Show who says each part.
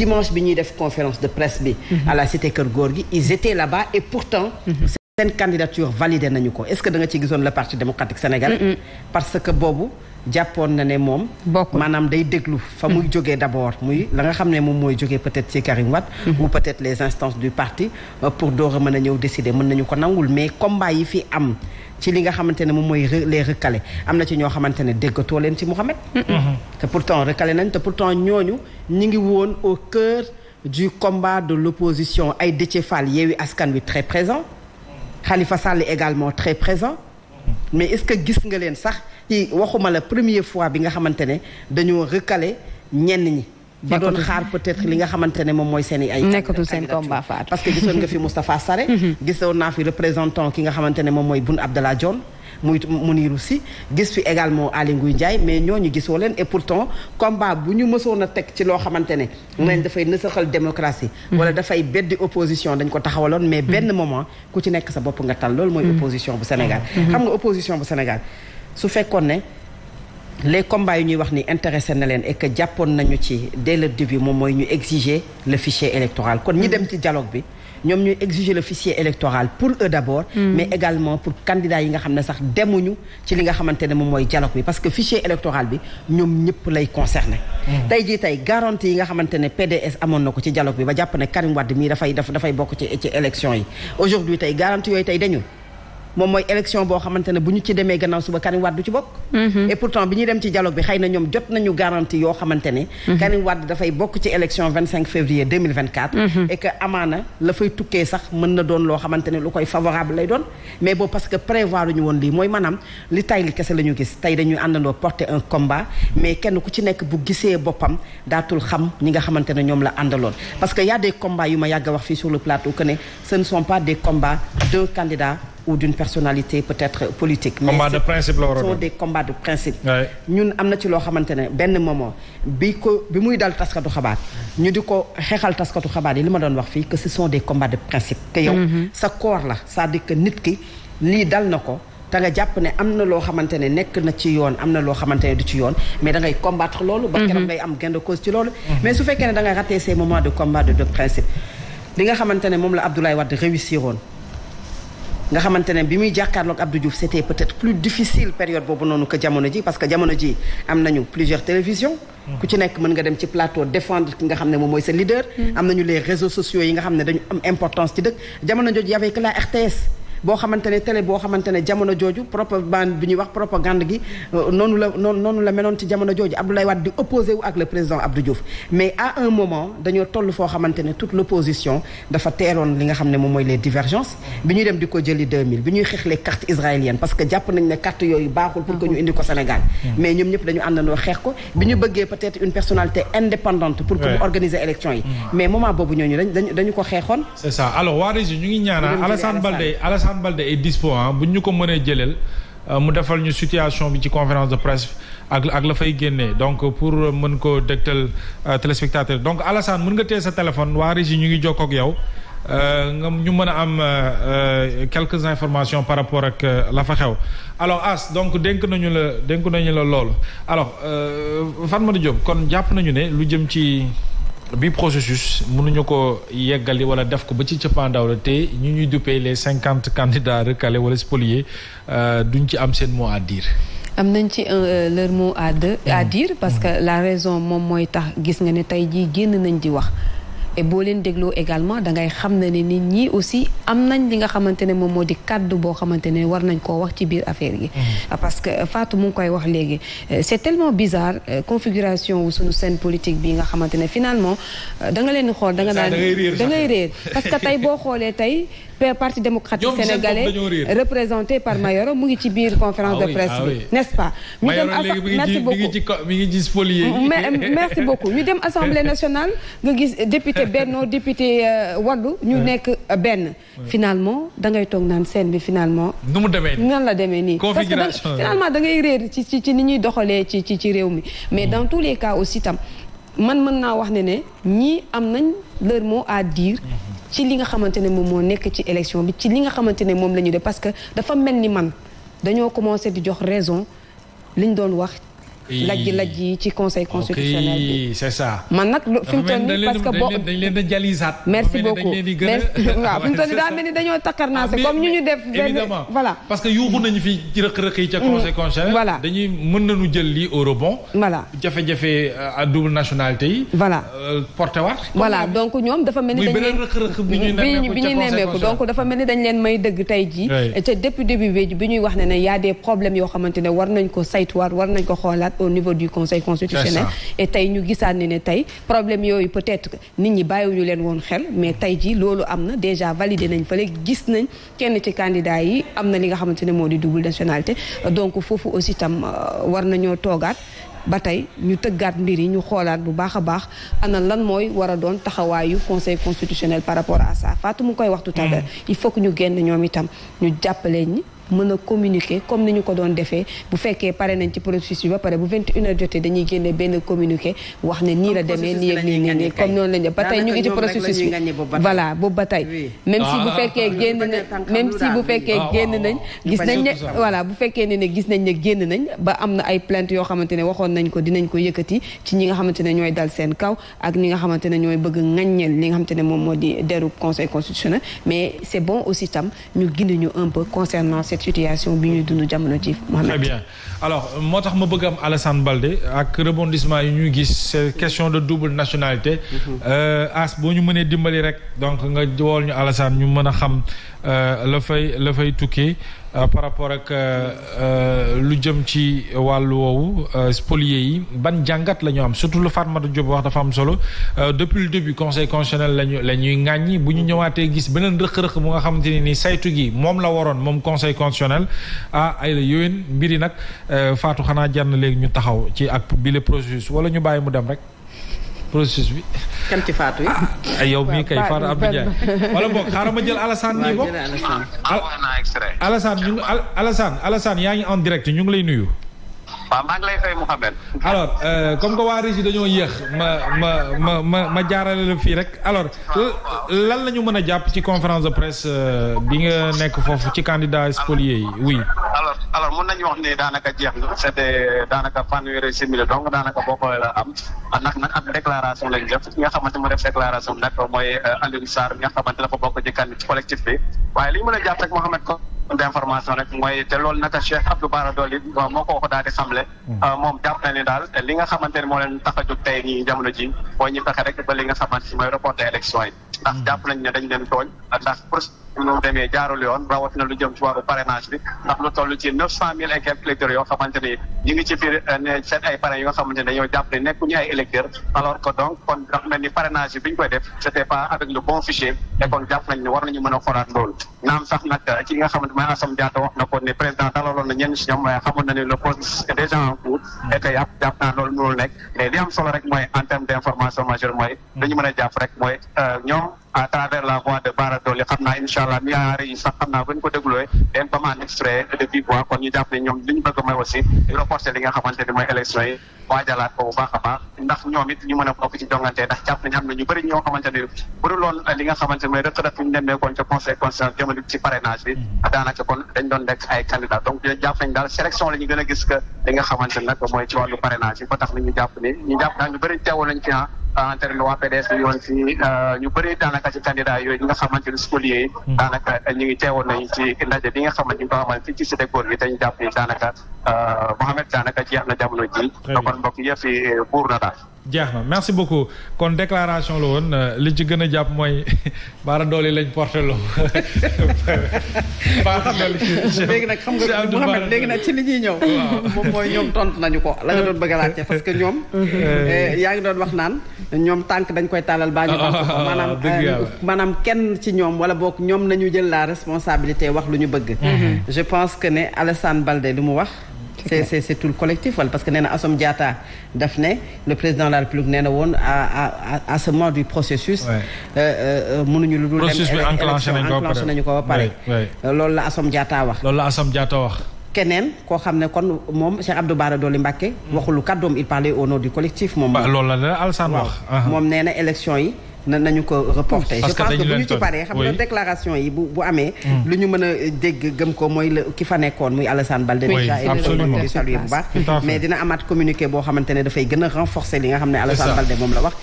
Speaker 1: dimanche bi ñuy def conférence de presse bi. Mhm. à la cité Kër Gorgui ils étaient là-bas et pourtant. Mhm. seen candidature validé nañu ko est-ce que da ci gisoon le parti démocratique sénégalais. parce que boobu. jàppoon na ne moom maanaam day déglu fa muy mm-hmm. jógee d'abord muy la nga xam ne moom mooy jógee peut-être ci Karim Wade mm-hmm. ou peut-être les instances du parti euh, pour door a a ñëw décider mën nañu ko nangul mais combat yi fi am ci li nga xamante ne mooy les am na ci ñoo xamante ne déggatoo leen ci Mouhamed mm-hmm. te pourtant recalé nañ te pourtant ñooñu ñi ngi woon au cœur du combat de l'opposition ay Déthié Fall Askan Wi très présent Khalifa Sall également très ci waxuma la première fois bi nga xamante ne dañoo recalé ñenn ñi. ba doon xaar peut-être li nga xamante ne moom mooy seen ay. nekkatul seen combat parce que gisoon nga fi Moustapha Sarré. Mhm. gisoon naa fi représentant ki nga xamante ne moom mooy Boun Abdallah Dionne. muy Mounirou Sy gis fi également Aly Ngouille Ndiaye mais ñooñu gisoo leen et pourtant combat bu ñu mësoon a teg ci loo xamante ne. leen mhm. dafay nësaxal démocratie. Mhm. wala dafay beddi opposition dañ ko taxawaloon mais benn moment ku ci nekk sa bopp nga tal loolu mooy. opposition bu Sénégal. xam nga opposition bu su fekkoon ne les combats yi ñuy wax ni intéressé na leen et que jàppoon nañu ci dès le début moom mooy ñu exiger le fichier électoral kon ñi mm. dem ci dialogue bi ñoom ñu exiger le fichier électoral pour eux d'abord mm. mais également pour candidats yi nga xam ne sax demuñu ci li nga xamante ne moom mooy dialogue bi parce que fichier électoral bi ñoom ñëpp lay concerné mm. tey jii tey garantie yi nga xamante ne PDS amoon na ko ci dialogue bi ba jàpp ne Karim Wade mii dafay daf dafay bokk ci ci élection yi aujourd'hui tey garantie yooyu tey dañu moom mooy élection boo xamante ne bu ñu ci demee gannaaw suba Karim Wade du ci bokk. Mhm. et pourtant bi ñuy dem ci dialogue bi xëy na ñoom jot nañu garantie yoo xamante ne. Mhm. Karim Wade dafay bokk ci élection février 2024. Mhm. amaana la fay tukkee sax mën na doon loo xamante ne lu koy favorable lay doon mais boobu parce que prévoir lu ñu woon lii mooy maanaam li tay li kese la ñu gis tey dañuy àndandoo porter un combat mais kenn ku ci nekk bu gisee boppam daatul xam ñi nga xamante ne ñoom la àndaloon. parce que a des ma yàgg a wax fii sur le plateau que ne ce ou d'une personnalité peut-être politique. mais combat de principe la waroon des combats de principe. ñun am na ci loo xamante ne benn moment bi ko bi muy dal taskatu xabaar ñu di ko xeexal taskatu xabaar yi li ma doon wax fii que ce sont des combats de principe. te yow mhm. sa corps la c'est-à-dire que nit ki lii dal na ko. te nga jàpp ne am na loo xamante ne nekk na ci yoon am na loo xamante ne du ci yoon mais da ngay combattre loolu. ba mhm. keroog ngay am gain de cause ci loolu. Mhm. mais su fekkee ne da ngay raté ces moments de combat de de principe. li nga xamante ne moom la Abdoulaye Wade réussir woon. nga xamante ne bi muy jàkkaarloog Abdou Diouf c'était peut-être plus difficile période boobu noonu que jamono ji parce que jamono ji am nañu plusieurs télévisions ku ci nekk mën nga dem ci plateau défendre ki nga xam ne moom mooy sa leader mm. am nañu les réseaux sociaux yi nga xam ne dañu am importance ci dëkk jamono jooju y avait que RTS boo xamante ne télé boo xamante ne jamono jooju propagande bi ñuy wax propagande gi euh, noonu la noonu ci jamono jooju Abdoulaye Wade di opposé wu ak le président Abdou Diouf mais à un moment dañoo toll foo xamante toute l'opposition dafa teeroon li nga xam ne moom mooy les divergences bi ñuy dem di ko jëli bi ñuy xeexlee carte israélienne parce que jàpp nañ ne carte yooyu baaxul pour que ñu indi ko Sénégal mm. mais ñoom ñëpp dañu àndandoo xeex ko bi ñu bëggee
Speaker 2: Alassane Balde est dispo ah bu ñu ko mënee jëleel euh, mu defal ñu situation bi ci conférence de presse ak ak la fay génnee donc pour mën ko dégtal euh, téléspectateur donc Alassane mën nga téye sa téléphone waa Régis ñu ngi jokkoo ak yow euh, nga ñu mën a am quelques informations par rapport ak la fa xew alors As donc dénk nañu la dénk nañu la loolu alors Fatma Diop kon jàpp nañu ne lu jëm ci. bi processus mënuñu ko yeggali wala def ko ba ci cëppaandaw la te ñu ñuy duppee les cinquante candidats recalés wala spoliés euh, duñ ci am seen mot à dire.
Speaker 3: am nañ ci euh, leur mot à mm. dire. parce que mm. la raison moom mooy tax gis nga ni tey jii génn nañ di wax. boo leen dégloo également da ngay xam ne ne nit ñi aussi am nañ li nga xamante ne moom moo di kàddu boo xamante ne war nañ koo wax ci biir affaire yi. Mm-hmm. parce que euh, Fatou mu ngi koy wax léegi euh, c' est tellement bizarre euh, configuration wu suñu seen politique bi nga xamante ne finalement danga leen di xool da nga daan da ngay réer parce que tey boo xoolee tey. parti démocratique sénégalais représenté par Mayoro mu ngi ci biir conférence ah de presse ah bi n'est-ce pas ñu dem merci
Speaker 2: beaucoup mi ngi gis merci beaucoup
Speaker 3: ñu dem assemblée nationale nga gis député Benno député euh, Waddu ñu nekk euh, benn finalement da ngay toog naan scène bi finalement nu mu demee nii nan la demee nii parce que finalement da ngay réer ci ci ci ni ñuy doxalee ci ci ci réew mi mais mm. dans tous les cas aussi itam man mën naa wax ne ne ñii am nañ leur moo à dire ci li nga xamante ne moom moo nekk ci élection bi ci li nga xamante ne moom la ñu def parce que dafa mel ni man dañoo commencé di jox raison liñ doon wax
Speaker 2: lajj-lajj
Speaker 3: yi ci conseil constitutionnel
Speaker 2: bi c'est ça man nag fi mu toll nii parce que boo dañ leen di jalisaat merci beaucoup ah,
Speaker 3: comme ñu ñu def évidemment voilà
Speaker 2: yuuxu nañu fi rëq-rëq yi ca mm. conseil constitutionnel voilà dañuy mën nañu jël lii au rebond voilà jafe-jafe euh, à double nationalité yi voilà euh, porté waat voilà
Speaker 3: donc ñoom dafa mel ni dañ leen may dëgg tey jii ca depuis début bi ñuy wax ne ne y a des yoo xamante ne war nañ ko saytuwaat war nañ ko xoolaat au niveau du conseil constitutionnel et tey ñu gisaan ne ne tey problème yooyu peut-être nit ñi bàyyiwuñu leen woon xel mais tey ji loolu am na déjà validé nañ fële gis nañ kenn ci candidat yi am na li nga xamante ne moo di double nationalité donc foofu aussi tam euh, war nañoo toogaat ba tey ñu tëggaat mbir yi ñu xoolaat bu baax a baax ana lan mooy war a doon taxawaayu conseil constitutionnel par rapport à ça Fatou mu koy waxtu tout à hmm. l'heure il faut ñu gén ñoom itam ñu jàppale ñi mën a communiqué comme ni ñu ko doon defee bu fekkee pare nañ ci processus bi ba pare bu 21 a jotee dañuy génne benn communiqué wax ne nii la demee nii ak nii nii comme noonu lañ def ba tey ñu ngi ci nañ gis nañ ne voilà bu ah. fekkee ne ne gis nañ ne génn nañ ba am na ay plainte yoo xamante ne waxoon nañ ko dinañ ko yëkkati ci ñi nga xamante ne ñooy dal seen kaw ak ñi nga xamante ne ñooy bëgg ŋaññeel ni nga xamante ne moom moo di deru conseil constitutionnel mais c'est bon aussi tam ñu gindi ñu un peu concernant situation bi ñuy dund jamono ji Mohamed.
Speaker 2: alors moo tax ma bëgg am Alassane Balde ak rebondissement yi ñuy gis c'est question de double nationalité. Mhm. Euh, as boo ñu mënee dimbali rek donc nga wool ñu Alassane ñu mën a xam euh, la fay la fay tukkee. Euh, par rapport ak euh, euh, lu jëm ci wàllu woowu spoliés yi ban jàngat la ñu am surtout lu Fatmata Diop wax dafa am solo depuis le début conseil constitutionnel la ñu la ñuy ŋàññi bu ñu ñëwaatee gis beneen rëq-rëq bu nga xamante ne ni saytu gi moom la waroon moom conseil constitutionnel ah ay la yowén mbiri nag Fatou xanaa jar na léegi ñu taxaw ci ak bi le processus wala ñu bàyyi mu dem rek processus bi. kan ci faatu yi. Ah, ah, yow mii kay faatu Abdou Ndiaye. wala xaaral ma jël Alassane nii boog. Alassane ñu ngi Alassane Alassane yaa ngi en direct ñu ngi lay nuyu. waaw maa ngi lay fay Mouhamed. alors euh, comme que waa Régis dañoo yéex ma ma ma ma ma jaarale la fii rek alors lan la mën a jàpp ci confrance de presse euh, bi nga nekk foofu ci candidat spolié yi oui.
Speaker 4: nañu wax ne daanaka jeex na c'était daanaka fanweeri simili donc daanaka boo xoolee la am ndax nag ab déclaration lañ nga xamante mu def déclaration nag euh, nga xamante dafa bokk ci a jàpp ko d'information rek mooy te loolu naka Cheikh moo ko wax daal di mm. euh, moom jàpp na ni daal li nga xamante ne moo leen tax a jóg tey ñi jamono ji mooy rek ba li nga xamante mooy reporter élection yi ndax mm. jàpp nañ ne dañ leen tooñ ndax mu demee jaarul yoon rawatina lu jëm ci wàllu lu toll ci neuf cent ni ngi ci biir euh, seen ay parrain ay électeurs alors que donc kon dafa koy def c'était pas avec le bon fichier et kon jàpp nañ ne war nañu mën a xoolaat loolu naam sax nag ci euh, nga xamante mooy Assome Diatta na ko ne président dalaloon na ñenn na ne solo rek mooy en terme d'information majeure mooy dañu mën a jàpp rek mooy euh, ñoom à travers la voix de Bara Dolly xam naa incha allah ñaari yi sax xam naa bu ñu ko dégluwee dañ ko mën extrait de vive voix kon ñu jàpp ne ñoom li ñu bëgg mooy aussi reporter li nga xamante ni mooy yi a it ñu mën nga xamante ni mooy rëq mm-hmm. daanaka kon dañ doon nekk ay candidat donc jàpp nañ daal sélection la gën a gis que li nga xamante nag mooy ci wàllu parrainage yi tax na ñu ni ñu jàpp daal ñu bëri teewoon nañ ci ah, entraîné waa PDS euh, ñu woon ci ñu bëri daanaka ci candidat yooyu ñi nga xamante ni spoliés yi mm. daanaka euh, ñu ngi teewoon nañu ci ndaje bi nga xamante ñu ko xamante fii ci cité góor bi dañu jàpp ni daanaka euh, Mohamed daanaka jeex na jamono ji kon mbokk yëf yi buur na daal
Speaker 2: jeex na merci beaucoup kon déclaration la woon euh, li ci gën a jàpp mooy baara doole lañ porté loo.
Speaker 1: léegi nag xam nga Mouhamed
Speaker 4: léegi nag ci li ñuy ñëw. moom mooy ñoom tontu nañu
Speaker 1: ko la nga doon bëgga a laajte parce que ñoom. Euh. Euh, yaa ngi doon wax naan ñoom tànk dañ koy tàllal baa ñu tànk ko ah, maanaam kenn ci ñoom wala bokk ñoom nañu jël la responsabilité wax lu ñu bëgg. Mm-hmm. je pense que ne Alassane Balde lu mu wax. c'est c'est tout collectif parce que nee na Assome def daf ne le président la République nee na woon à à à ce moment du
Speaker 3: processus. Euh,
Speaker 1: euh, euh, mënuñu lu dul dem processus nañu ko ba pare loolu la Assome jaata wax. loolu la
Speaker 2: Assome Diatta wax.
Speaker 1: keneen koo xam ne kon moom Cheikh Abdou Bara Dolly Mbacké. waxulu kàddoom il parlait au nom du collectif moom. loolu la la
Speaker 2: Alassane wax moom
Speaker 1: nee na élection yi. na nañu ko reporter je pense ñu ci paree xam nga déclaration yi bu amee mm. lu ñu mën a euh, dégg gëm ko mooy la ki fa nekkoon muy Alassane Balde déjà et saluer bu baax mais dina amaat communiqué boo xamante ne dafay gën a renforcer li nga xam ne Alassane Balde moom la wax